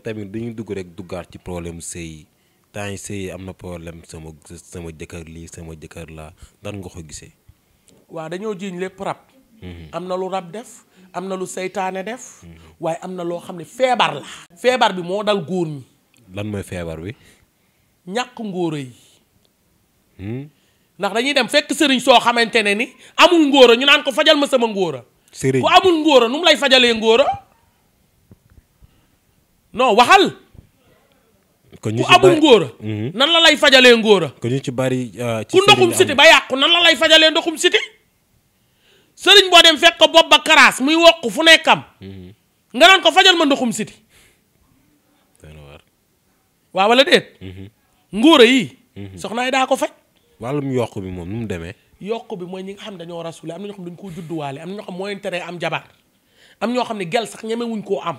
mais tamit dañuy dugg rek duggaat ci problème sëy yi temps yi sëy yi am na problème sama sama jëkkër lii sama jëkkër la nan nga ko gisee. waaw dañoo jiiñ lépp rab. Mhm. am na lu rab def am na lu seytaane def. Mhm. waaye am na loo xam ne feebar la. feebar bi moo dal góor ñi. lan mooy feebar bi. ñàkk ngóora yi. Hmm? ndax dañuy dem fekk sëriñ soo xamante ne ni amul ngóora ñu naan ko fajal ma sama ngóora. sëriñ ku amul ngóora nu mu lay fajalee ngóora. non waxal. ko ñu ci ku abul mm-hmm. nan la lay fajalee ngóora. ko ñu ci bari euh, ci ku ndoxum siti ba yàqu nan la lay fajalee ndoxum siti sëriñ boo dem fekk ko bopp ba karaas muy wokk fu nekkam. Mm-hmm. nga naan ko fajal ma ndoxum siti waaw wala déet. Mm-hmm. ngóora yi. soxna yi daa ko faj. wàllum yokk bi moom nu mu demee. yokk bi mooy ñi nga xam dañoo rasule am na ñoo xam koo judduwaale am na ñoo am jabar am ñoo xam ne gel sax ñemewuñ koo am.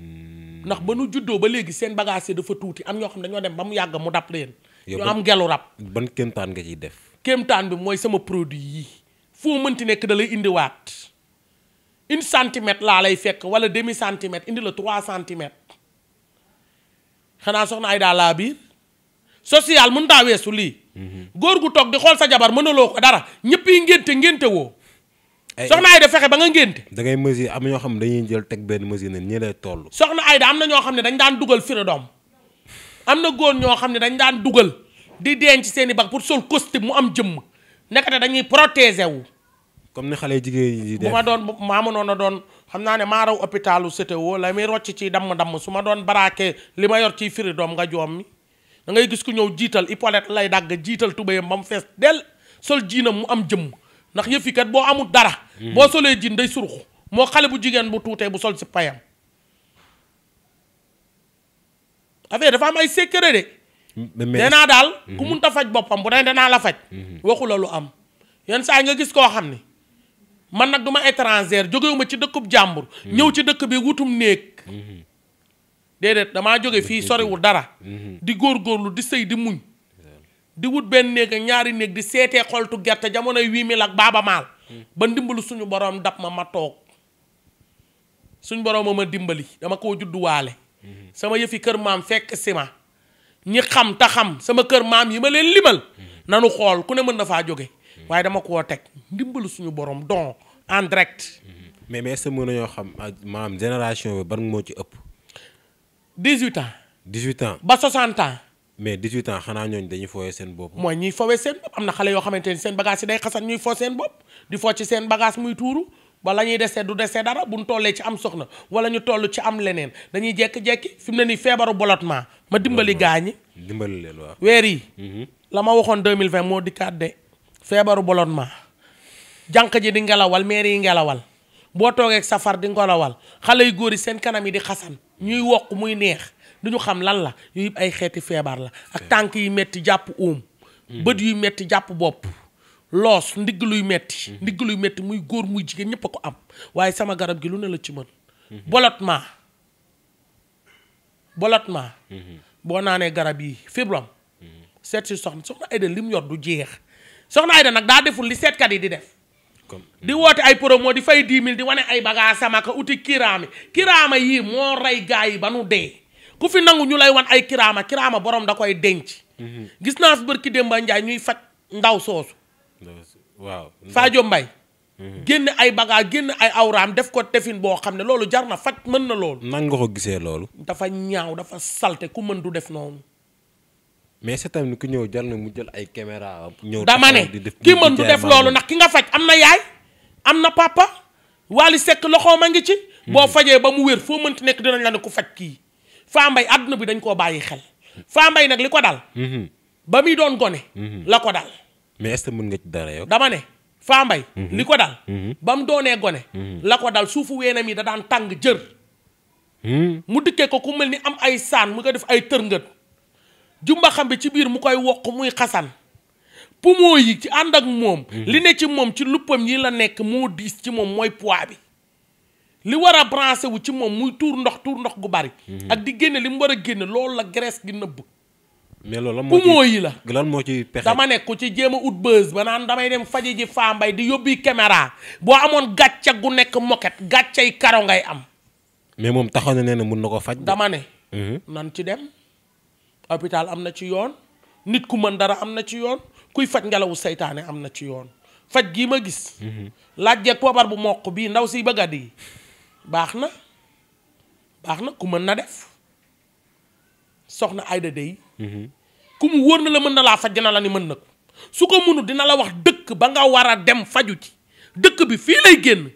Mm. ndax ba nu juddoo ba léegi seen bagage dafa tuuti am ñoo xam dañoo dem ba mu yàgg mu dab leen. ñu am gelu rab. ban kéemtaan nga ciy def. kéemtaan bi mooy sama produit yi foo mënti nekk da lay indiwaat une centimètre laa lay fekk wala demi centimètre indi la trois centimètres xanaa soxna ay daa social mën taa weesu lii. Mhm. góor gu toog di xool sa jabar mënaloo ko dara ñëpp yi ngénte ngénte woo. soxna Ayda fexe ba nga ngénte da ngay mesure am ñoo xam ne dañuy jël teg benn mesure ne ñii lay toll soxna Ayda am na ñoo xam ne dañ daan dugal fira doom am na góor ñoo xam ne dañ daan dugal di denc seen i bag pour sol mu am jëmm nekkate dañuy protéger wu comme ni xale jigéen yi di def bu maa mënoon a doon xam naa ne maa raw hôpitalu CTO la muy rocc ci dam damm su ma doon baraakee li ma yor ciy firi doom nga joom mi dangay ngay gis ku ñëw jiital Hippolyte lay dagg jiital tubéyam ba mu fees del sol jiinam mu am jëmm ndax yëfi kat boo amul dara. Hmm. boo solee jin day surux moo xale bu jigéen bu tuutee bu sol si payam. affaire dafa am ay secret de. danaa daal hmm. ku mun ta faj boppam bu dee danaa la faj. Hmm. waxula lu am yenn saa nga gis koo xam ni man nag du ma étranger jógewuma ci dëkkub jàmbur. ñëw ci dëkk bi wutum néeg. déedéet damaa jóge fii soriwul dara. di góor góorgóorlu di sëy di muñ. di wut benn néeg ak ñaari néeg di seetee xoltu gerte jamonoy huit mille ak baaba maal ba ndimbalu suñu borom dab ma ma toog suñu borom ma ma dimbali dama koo judduwaale sama yëfi kër maam fekk si ma ñi xam ta xam sama kër maam yi ma leen limal nanu xool ku ne mën na faa jóge waaye dama koo teg ndimbalu suñu borom donc en direct. mais mais est-ce que mën nañoo xam ah, maanaam génération bi ban moo ci ëpp. dix huit ans. dix huit ans ba soixante ans. mais 18 ans xanaa ñooñ dañuy foowee seen bopp. mooy ñuy foowee seen bopp am na xale yoo xamante ni seen bagage yi day xasan ñuy foo seen bopp di foo ci seen bagage muy tuuru wala ñuy desee du desee dara bu ñu tollee ci am soxna wala ñu toll ci am leneen dañuy jékki-jékki fi mu ne nii feebaru bolotement ma dimbali gaañi. dimbali leen waaw weer yi. Mhm. la ma waxoon 2020 moo dikkaat de feebaru bolotement janq ji di ngelawal meer yi ngelawal boo toogee ak safar di ngelawal xale yu góor yi seen kanam yi di xasan ñuy wokk muy neex. duñu xam lan la yooyu yëpp ay xeeti feebar la ak tànk yi metti jàpp óom hmm. bët yuy metti jàpp bopp loos ndigg luy metti hmm. ndigg luy metti muy góor muy jigéen ñépp a ko am waaye sama garab gi lu ne la ci mën bolotement hmm. bolotement boo naanee garab yi fibrom seet si soxna soxna Aida li mu yor du jeex soxna Aida nag daa deful li seetkat yi di def di woote ay promo di fay 10 000 di wane ay bagage sama ka uti kiraami kiraama yii moo rey gaa yi ba nu dee ku fi nangu ñu lay wan ay kiraama kiraama borom da koy denc. Mhm. gis naa fi ki Demba Ndiaye ñuy faj ndaw soosu. waaw Fadio Mbaye mhm. génn ay bagage génn ay awraam def ko tefin boo xam ne loolu jar na faj mën na loolu. nan nga gisee loolu. dafa ñaaw dafa salte ku mën du def noonu. mais c'est tamit ku ñëw jar mu jël ay caméra ñëw dama ne ki mën du def loolu ndax ki nga faj am na yaay am na papa Wally Seck loxoom a ngi ci. Mhm. boo fajee ba mu wér foo mënti nekk dinañ la ne ku faj kii. Fambaye àdduna bi dañ koo bàyyi xel Fambaye nag li ko dal. Mhm. ba muy doon gone. Mhm. la ko dal. mais est-ce dama ne Fambaye. Mhm. li ko dal. ba gone. la ko dal suufu weenam yi da daan tàng jër. mu dikkee ko ku mel ni am ay saan mu ko def ay tërngët jumba xam bi ci biir mu koy wokk muy xasan poumon yi ci ànd ak moom. li ne ci moom ci luppam yi la nekk moo diis ci moom mooy poids bi. li war a branché wu ci moom muy tuur ndox tuur ndox gu bari. Mhm. ak di génne li mu war a génne loolu la graisse gi nëbb. mais loolu moo yi la lan moo ci pexe dama nekk ku ci jéem a ut bës ba naan damay dem faji ji faambay di yóbbi caméra boo amoon gàcca gu nekk moket gàccay karo ngay am. mais moom taxaw na ne ne mun na ko faj. dama ne. Mhm. ci dem. hôpital am na ci yoon nit ku mën dara am na ci yoon kuy faj ngelawu seytaane am na ci yoon faj gi ma gis. Mhm. laaj poobar bu mokk bii ndaw si bëgg a di baax na baax na ku mën na def soxna ayda dey mhm. ku mu na la mën na laa faj dina la ni mën na ko su ko mënul dina la wax dëkk ba nga war a dem faju ci dëkk bi fii lay génn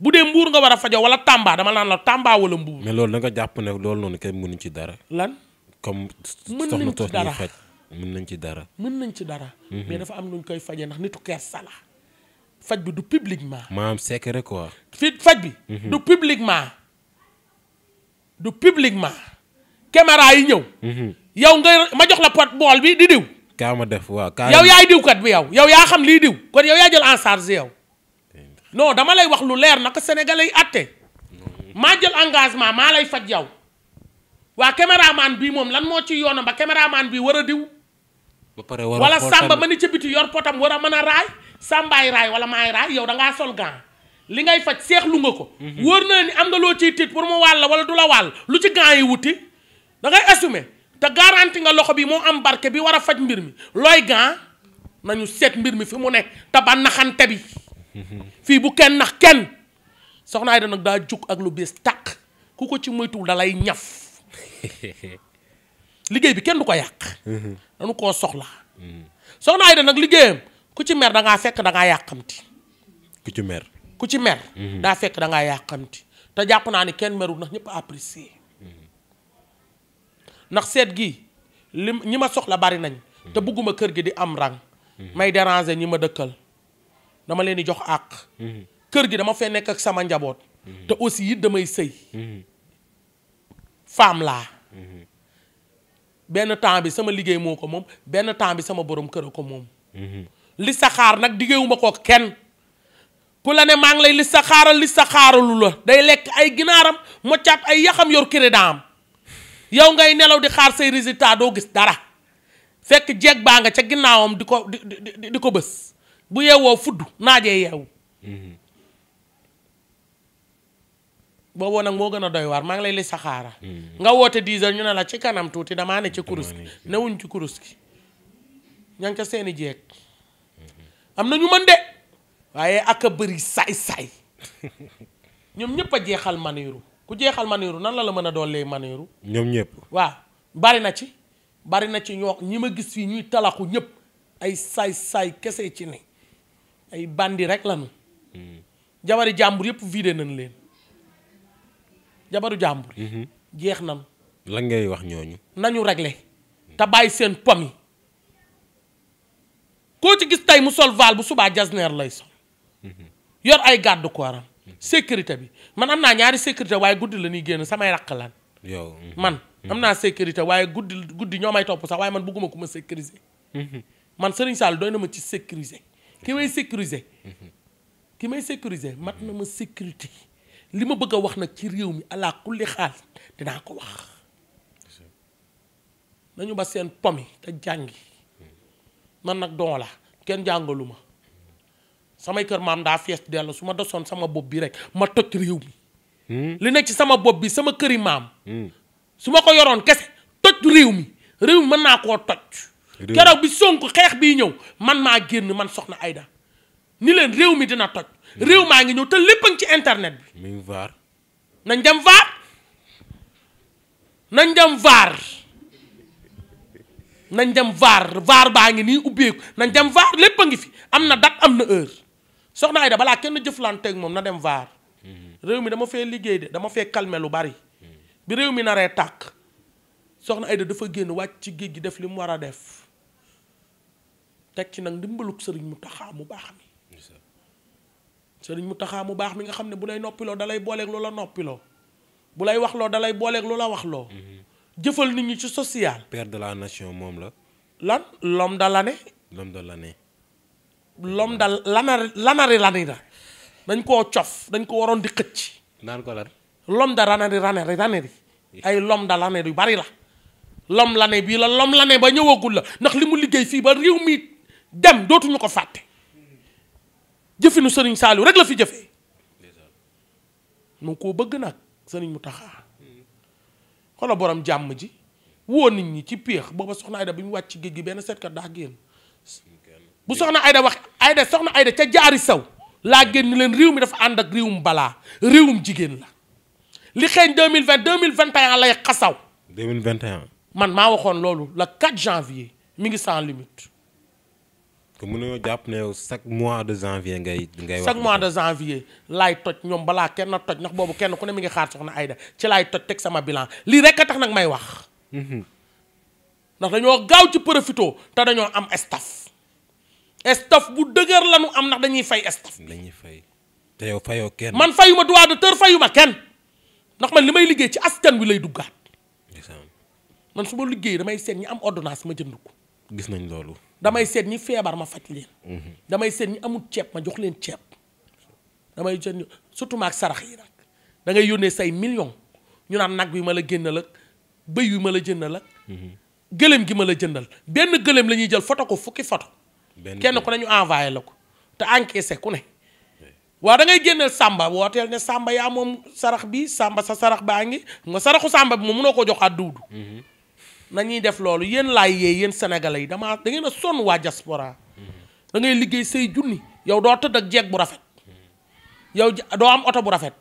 bu dee mbuur nga war a fajoo wala Tamba dama laan la Tamba wala mbuur mais loolu da nga jàpp ne loolu noonu kenn mënuñ ci dara. lan comme soxna toog ñuy faj mën nañ ci dara. mën nañ ci dara. Mhm. mais dafa am lu koy fajee ndax nitu kersa la faj bi du publiquement. maanaam faj bi. Mhm. du publiquement du publiquement caméra yi ñëw. Mhm. yow nga ma jox la pot bool bi di diw. kaa ma def yow yaay diwkat bi yow yow yaa xam lii diw kon yow yaa jël en yow. dama lay wax lu leer naka sénégalais maa engagement maa lay faj yow waa caméraman bii moom lan moo ci yoonam ba caméraman bii war a diw. ba pare war a wala sàmba ma ni ci biti yor potam war a mën a raay. sàmbaay raay wala maay raay yow dangaa sol gant li ngay faj seexlu nga ko. Mhm. wóor na ni am nga loo ciy tiit pour mu wàll wala du la wàll lu ci gant yi wuti da ngay assumer te garanti nga loxo bii moo am barke bi war a faj mbir mi looy gant nañu seet mbir mi fi mu nekk te ba naxante bi. Mhm. fii bu kenn nax kenn soxna Aida nag daa jug ak lu bees tàq ku ko ci moytuwul dalay ñaf liggéey bi kenn du ko yàq. Mhm. dañu koo soxla. soxna Aida nag liggéeyam ku ci mer dangaa fekk da ngaa yàqamti. ci mer. ku ci mer. Mhm. daa fekk da ngaa yàqamti te jàpp naa ni kenn merul ndax ñëpp apprécier mhm. ndax seet gi li ñi ma soxla bari nañ. Mhm. te bëgguma kër gi di am rang. may déranger ñi ma dëkkal dama leen di jox àq. kër gi dama fee nekk ak sama njaboot. te aussi it damay sëy. femme laa. benn temps bi sama liggéey moo ko moom benn temps bi sama borom kër a ko moom. listixaar nag diggéewuma kook kenn ku la ne maa ngi lay listixaaral listixaaralu la day lekk ay ginaaram moccaat ay yaxam yor crédit am yow ngay nelaw di xaar say résultat doo gis dara fekk jeeg baa nga ca ginnaawam di ko di di ko bës bu yeewoo fudd naajee yeewu booboo nag moo gën a doy waar maa ngi lay listixaara mm. nga woote 10 ñu ne la ci kanam tuuti damaa ne ci kurus gi newuñ ci kurus gi ña ngi ca seeni jeeg am na ñu mën de waaye ak a bëri saay-saay ñoom ñëpp a jeexal maniiru ku jeexal maniiru nan la la mën a doolee maniiru ñoom ñëpp waa bari na ci bari na ci ñoo ñi ma gis fii ñuy talaxu ñëpp ay saay-saay kese ci ne ay bandi rek lañu hmm. jabari jàmbur yépp vidé nañ leen jabaru jàmbur mhm. jeex nañ lan ngay wax ñooñu nañu réglé te bàyyi seen pom koo ci gis tey mu sol vaal bu subaa jasneer lay sol yor ay gàddu kooram sécurité bi man am naa ñaari sécurité waaye guddi la ñuy génn samay raq lan man am naa sécurité waaye guddi guddi ñoo may topp sax waaye man bëgguma ku ma sécuriser man Serigne Sall doy na ma ci sécuriser ki may sécuriser ki may sécuriser mat na ma sécurité li ma bëgg a wax nag ci réew mi ala kulli xaal dinaa ko wax nañu ba seen pomi te jàngi man nag don kenn jàngalu ma samay kër maam daa fees dellu su ma desoon sama bopp bi rek ma toj réew mi hmm? li nekk ci sama bopp bi sama këri maam hmm? su ma ko yoroon kese toj réew mi réew mi mën naa koo toj garaw bi sonk xeex bii ñëw man maa génn man soxna Aida ni leen réew mi dina toj hmm. réew maa ngi ñëw te lépp a ci internet bi nañ dem vaar nañ dem vaar nañ dem vaar vaar baa ngi nii ubbeeku nañ dem vaar lépp a ngi fi am na date am na heure soxna Aida balaa kenn jëflanteek moom na dem vaar mhm. réew mi dama fee liggéey de dama fee calmer lu bari bi réew mi naree tàkk soxna Aida dafa génn wàcc ci géej gi def li mu war a def teg ci nag ndimbalug sëriñ mu taxaa mu baax mi sëriñ mu taxaa mu baax mi nga xam ne bu lay noppiloo da lay booleeg lu la noppiloo bu lay waxloo da lay booleeg lu la waxloo mhm. jëfal nit ñu ci social. père de la nation moom la. lan l'homme de l'année. l'homme de l'année. l'homme de l'année l'année l'année la dañ koo cof dañ ko waroon di xëcc. naan ko lan. l'homme de l'année l'année l'année ay l'homme de l'année yu bari la. lom lane bii la lom l'année ba ñëwagul la ndax li mu liggéey fii ba réew mi dem dootuñu ko fàtte jëfinu sëriñ Saliou rek la fi jëfee. mu ko bëgg nag sëriñ Mountakha xolo borom jàmm ji woo nit ñi ci péex booba soxna Ayda bi mu wàcc ci géej gi benn seetkat daa génn bu soxna Ayda wax Ayda soxna Ayda ca jaari saw laa génn leen réew mi dafa ànd ak réewum balaa réewum jigéen la li xeeñ 2020 2021 lay xasaw 2021 man maa waxoon loolu le 4 janvier mi ngi sans limite que mënoo jàpp ne yow chaque mois de janvier ngay ngay. chaque mois de janvier laay toj ñoom balaa kenn toj ndax boobu kenn ku ne mi ngi xaar soxna Aida ci laay toj teg sama bilan lii rek a tax nag may wax. Mhm. ndax dañoo gaaw ci profito te dañoo am staff. staff bu dëgër la ñu am ndax dañuy fay staff. dañuy fay te yow fayoo kenn. man fayuma droit d'auteur fayuma kenn ndax man li may liggéey ci askan wi lay duggaat. man suba liggéey damay seet ñi am ordonnance ma jënd gis nañ loolu. damay seet ñi feebar ma faj leen. Mhm. damay seet ñi amul ceeb ma jox leen ceeb. damay jënd surtout maag sarax yi nag da ngay yónnee say million ñu naan nag bi ma la génnal ak bëy bi ma la jëndal ak. Mhm. gëléem gi ma la jëndal benn gëlëm lañuy jël photo ko fukki photo kenn ko ne ñu envoyé la ko te encaissé ku ne. waaw da ngay génneel Samba wooteel ne sàmba yaa moom sarax bi sàmba sa sarax baa ngi nga saraxu sàmba bi moom mënoo ko jox àdduudu. Mhm. nañuy def loolu yéen laay yee yéen sénégalais yi damaa da a sonn waa diaspora da ngay liggéey say junni yow doo tëdd ak jeeg bu rafet yow doo am oto bu rafet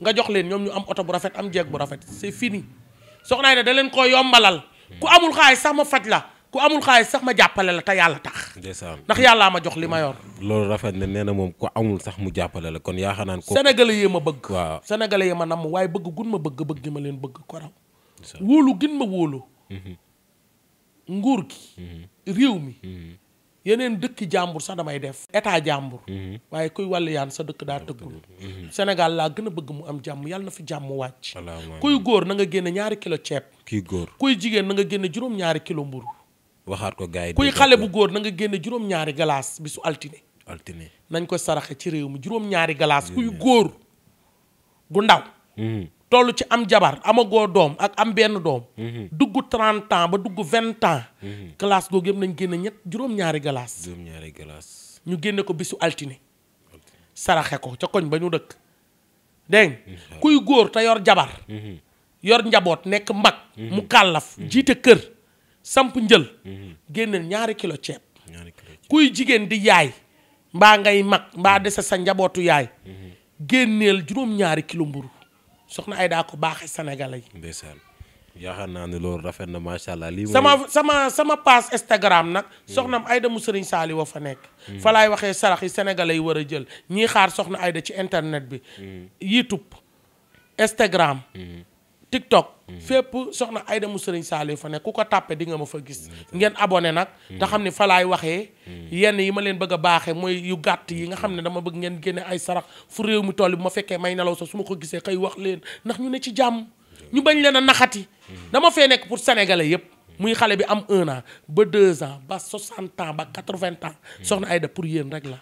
nga jox leen ñoom ñu am oto bu rafet am jeeg bu rafet c'est fini soxnaay ne da leen ko yombalal ku amul xaalis sax ma faj la ku amul xaalis sax ma jàppale la te yàlla tax ndax yàllaa ma jox li ma yor loolu rafet na nee na moom ku amul sax mu jàppale la kon yaa xanaan ko sénégalais yee ma bëgg waaw sénégalais yi ma waaye bëgg ma bëgg bëgg ma leen bëgg ko raw wóolu gin ma wóolu Mm-hmm. nguur gi mm-hmm. réew mi mm-hmm. yeneen dëkki jàmbur sax damay def état jàmbur waaye kuy wàll yaan sa dëkk daa tëggul Sénégal laa gën a bëgg mu am jàmm yàlla na fi jàmm wàcc kuy góor na nga génne ñaari kilo ceeb kuy góor kuy jigéen na nga génne juróom ñaari kilo mburu waxaat ko gars kuy xale bu góor na nga génne juróom ñaari galaas bi su altine altine nañ ko saraxe ci réew mi juróom ñaari galaas kuy góor gu ndaw toll ci am jabar amagoo doom ak am benn doom. Mhm. dugg trente ba dugg vingt ans. Mhm. classe googu yëpp nañ génne ñett juróom-ñaari galaas. juróom ñu génne ko bisu altine. saraxe ko ca koñ ba ñu dëkk. dégg mhm. kuy góor te yor jabar. yor njaboot nekk mag. mu kàllaf jiite kër. samp njël. génneel ñaari kilo ceeb. kuy jigéen di yaay. mbaa ngay mag mbaa dese sa njabootu yaay. génneel juróom-ñaari kilo mburu soxna Aida ko baaxee Sénégalais yi. ndeysaan yaakaar naa ne loolu rafet na macha allah. lii sama sama sama page Instagram nag. soxnaam mm. Aida mu Serigne Saliou wa fa nekk. Mm. fa waxee sarax yi sénégalais yi war a jël ñii xaar soxna ay Aida ci internet bi. Mm. YouTube Instagram. TikTok hmm. fépp soxna Aida mu sëriñ Saliou fa ne ku ko tàppe di nga ma fa gis hmm, ngeen abone nag hmm. te xam ne falaay waxee yenn yi ma leen bëgg a baaxee mooy yu gàtt yi nga xam ne dama bëgg ngeen génne ay sarax fu réew mi toll bu ma fekkee may nelaw sax su ma ko gisee kay wax leen ndax ñu ne ci jàmm ñu bañ leen a naxati dama fee nekk pour sénégalais yépp muy xale bi am un an ba deux ans ba soixante ans ba quatre-vingts ans soxna Aida pour yéen rek la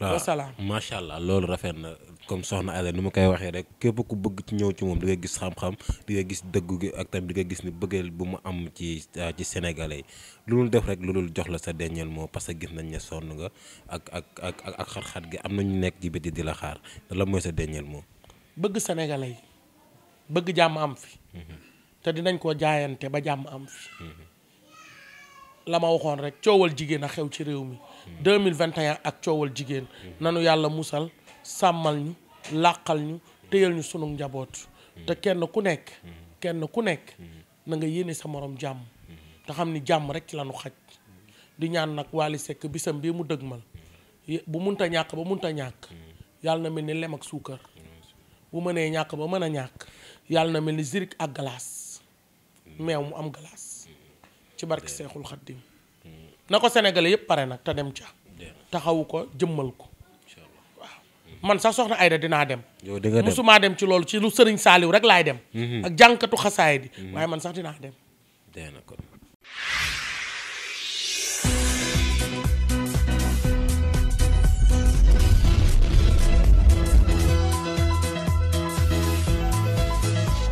wasalaam macha allah loolu rafet na comme soxna Adja ni ma koy waxee rek képp ku bëgg ci ñëw ci moom di nga gis xam-xam di nga gis dëgg gi ak tamit di nga gis ni bëggeel bu mu am ci ah, ci sénégalais yi lu dul def rek lu dul jox la sa dernier mot parce que gis nañ ne sonn nga ak ak ak ak xat-xat gi am na ñu nekk ci biti di la xaar la mooy sa dernier mot. bëgg sénégalais yi bëgg jàmm am fi. Mhm. te dinañ ko jaayante ba jàmm am fi. Mhm. la ma waxoon rek coowal jigéen a xew ci réew mi mille 2021 ak coowal jigéen nanu yàlla musal sàmmal ñu làqal ñu téyal ñu sunu njaboot te kenn ku nekk kenn ku nekk na nga yéene sa moroom jàmm te xam ni jàmm rek ci la xaj di ñaan nag Wally Seck bisam bii mu dëgmal bu munta ñàkk ba munta ñàkk yàlla na mel ni lem ak suukar bu mënee ñàkk ba mën a ñàkk yàlla na mel ni zirik ak galaas meew mu am galaas ci barke Seexul Xaddim na ko sénégalais yëpp pare nag te dem ca taxawu ko jëmmal ko waaw man sax soxna Ayda dinaa dem musumaa dem ci loolu ci lu sëriñ saaliw rek laay dem mhm. ak jànkatu xasaay di mhm. waaye man sax dinaa dem